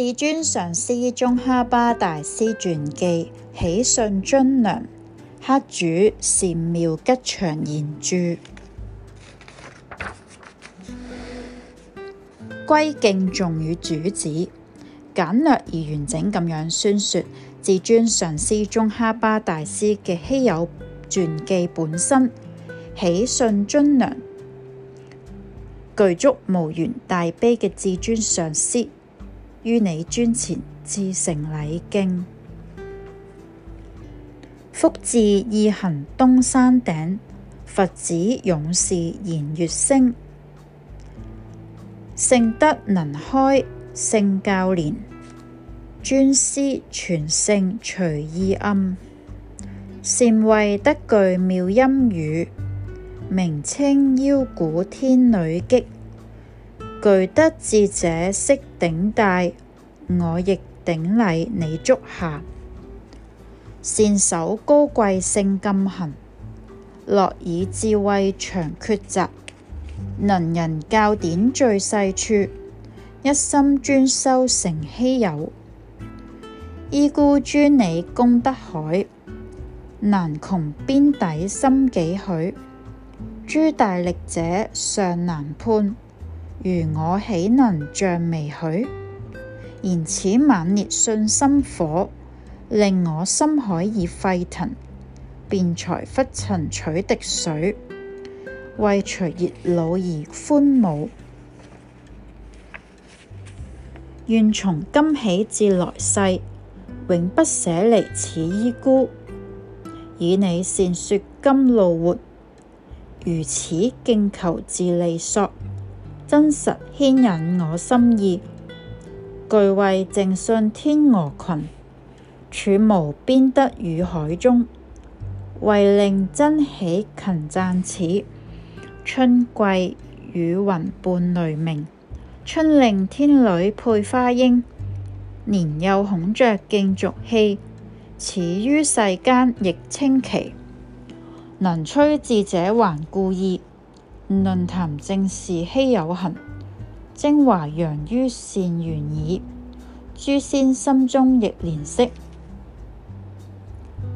至尊上師宗喀巴大師傳記，起信津梁，黑主善妙吉祥賢著，皈敬頌與主旨。簡略而完整咁樣宣說至尊上師宗喀巴大師嘅稀有傳記本身，起信津梁，具足無緣大悲嘅至尊上師。於你尊前，至誠禮敬。福至意行東山頂，佛子勇士言月聲。聖德能開聖教蓮，尊師傳聖隨意庵。善慧得具妙音語，名稱腰鼓天女擊。具德智者識頂戴，我亦頂禮你足下。善守高貴性甘行，樂以智慧長抉擇，能人教典最細處，一心專修成稀有。依孤尊你功德海，難窮邊底深幾許？諸大力者尚難判。如我豈能像未許？然此猛烈信心火，令我心海已沸騰，便才忽曾取滴水，為除熱惱而歡舞。願從今起至來世，永不捨離此衣孤。以你善說甘露活，如此敬求自利索。真實牽引我心意，具慧正信天鵝群，處無邊德雨海中，為令真喜勤讚此。春季雨雲伴雷鳴，春令天女配花英，年幼孔雀競俗氣，始於世間亦稱奇，能吹智者還故意。論壇正是稀有行，精華揚於善緣矣。諸仙心中亦憐惜，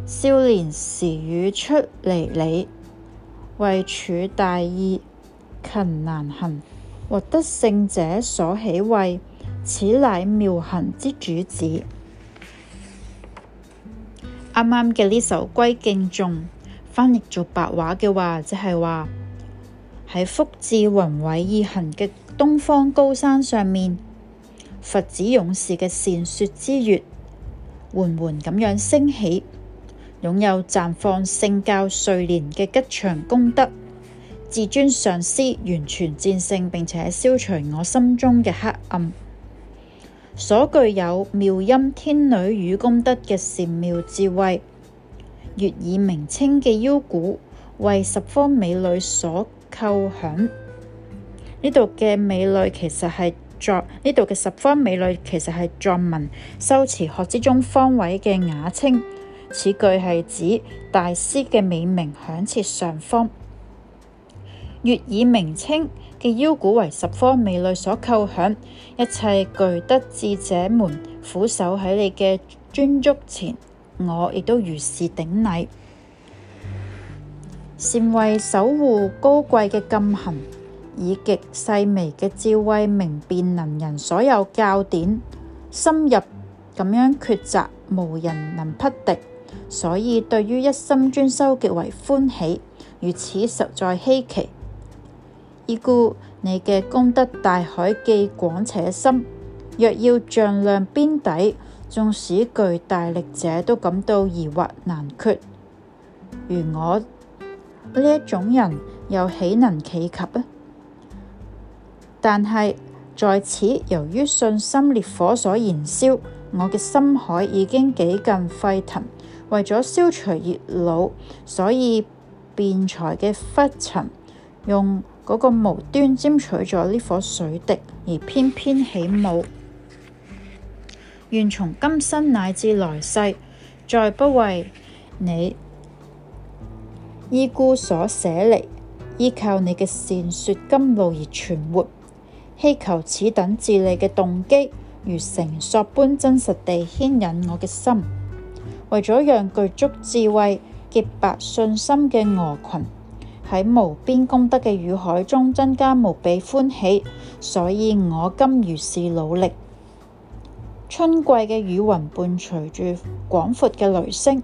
少年時語出離里，為處大義勤難行，獲得勝者所喜慰，此乃妙行之主旨。啱啱嘅呢首《歸敬頌》，翻譯做白話嘅話，即係話。喺福智宏偉以行嘅東方高山上面，佛子勇士嘅善說之月緩緩咁樣升起，擁有綻放聖教瑞蓮嘅吉祥功德，至尊上師完全戰勝並且消除我心中嘅黑暗，所具有妙音天女與功德嘅善妙智慧，悅耳名稱嘅腰鼓為十方美女所叩響呢度嘅美女，其實係作呢度嘅十方美女，其實係藏文修辭學之中方位嘅雅稱。此句係指大師嘅美名響徹上方，月以名稱嘅腰鼓為十方美女所叩響。一切具德智者們，俯首喺你嘅尊足前，我亦都如是頂禮。善為守護高貴嘅禁行，以極細微嘅智慧，明辨能人所有教典，深入咁樣抉擇，無人能匹敵。所以對於一心專修，極為歡喜，如此實在稀奇。以故你嘅功德大海既廣且深，若要丈量邊底，縱使具大力者都感到疑惑難決。如我。呢一種人又豈能企及呢？但係在此，由於信心烈火所燃燒，我嘅心海已經幾近沸騰。為咗消除熱惱，所以辯才嘅忽塵，用嗰個無端沾取咗呢顆水滴，而翩翩起舞，願從今生乃至來世，再不為你。依孤所捨離，依靠你嘅善説甘露而存活，希求此等智利嘅動機，如繩索般真實地牽引我嘅心，為咗讓具足智慧、潔白信心嘅鵝群喺無邊功德嘅雨海中增加無比歡喜，所以我今如是努力。春季嘅雨雲伴隨住廣闊嘅雷聲。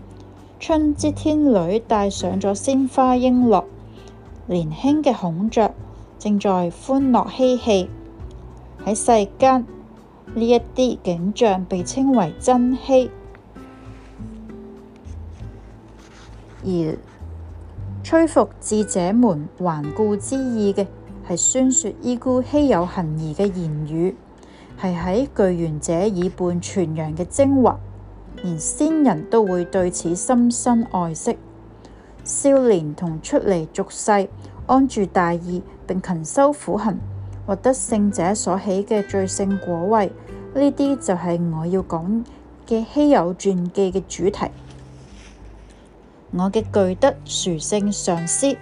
春之天女戴上咗鮮花瓔珞，年輕嘅孔雀正在歡樂嬉戲。喺世間呢一啲景象被稱，被稱為珍稀。而吹服智者們頑固之意嘅，係宣説依姑稀有行儀嘅言語，係喺巨猿者耳畔傳揚嘅精華，連先人都會對此深深愛惜，少年同出離俗世，安住大義，並勤修苦行，獲得聖者所起嘅最勝果位。呢啲就係我要講嘅稀有傳記嘅主題。 我嘅具德殊勝上師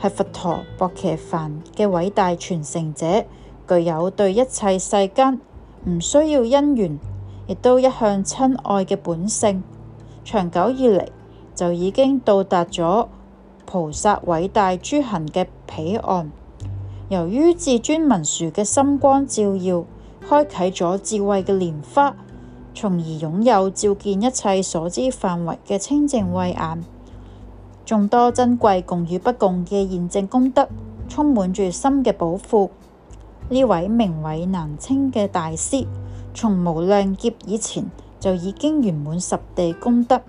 係佛陀薄伽梵嘅偉大傳承者，具有對一切世間唔需要因緣。亦都一向親愛嘅本性，長久以嚟就已經到達咗菩薩偉大諸行嘅彼岸。由於至尊文殊嘅心光照耀，開啟咗智慧嘅蓮花，從而擁有照見一切所知範圍嘅清淨慧眼，眾多珍貴共與不共嘅現證功德，充滿住心嘅寶庫。呢位名為難稱嘅大師。從無量劫以前就已經圓滿十地功德，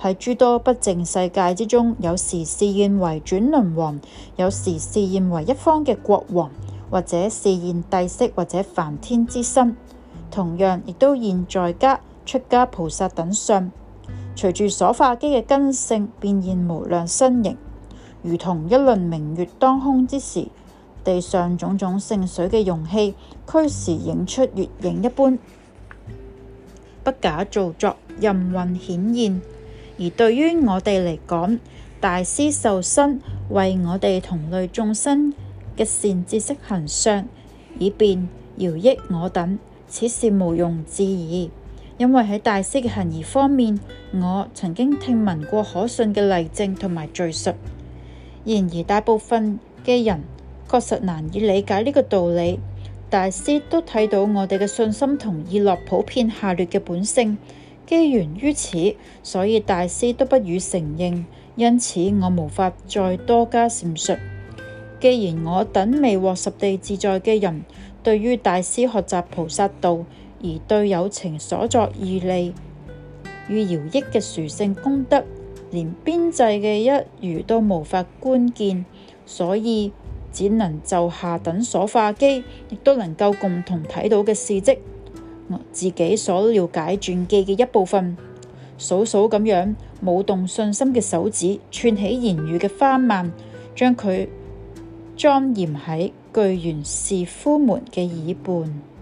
喺諸多不淨世界之中，有時示現為轉輪王，有時示現為一方嘅國王，或者示現帝釋或者梵天之身，同樣亦都現在家出家菩薩等相。隨住所化機嘅根性，變現無量身形，如同一輪明月當空之時。地上種種盛水嘅容器，趨時映出月影一般，不假造作，任運顯現。而對於我哋嚟講，大師受身為我哋同類眾生嘅善知識行相，以便饒益我等，此事毋庸置疑。因為喺大師嘅行誼方面，我曾經聽聞過可信嘅例證同埋敘述。然而，大部分嘅人，確實難以理解呢個道理。大師都睇到我哋嘅信心同意樂普遍下劣嘅本性，機緣於此，所以大師都不予承認。因此我無法再多加闡述。既然我等未獲十地自在嘅人，對於大師學習菩薩道而對有情所作義利與饒益嘅殊勝功德，連邊際嘅一如都無法觀見，所以。只能就下等所化機，亦都能夠共同睇到嘅事蹟，自己所了解傳記嘅一部分，數數咁樣舞動信心嘅手指，串起言語嘅花蔓，將佢莊嚴喺巨猿士夫們嘅耳畔。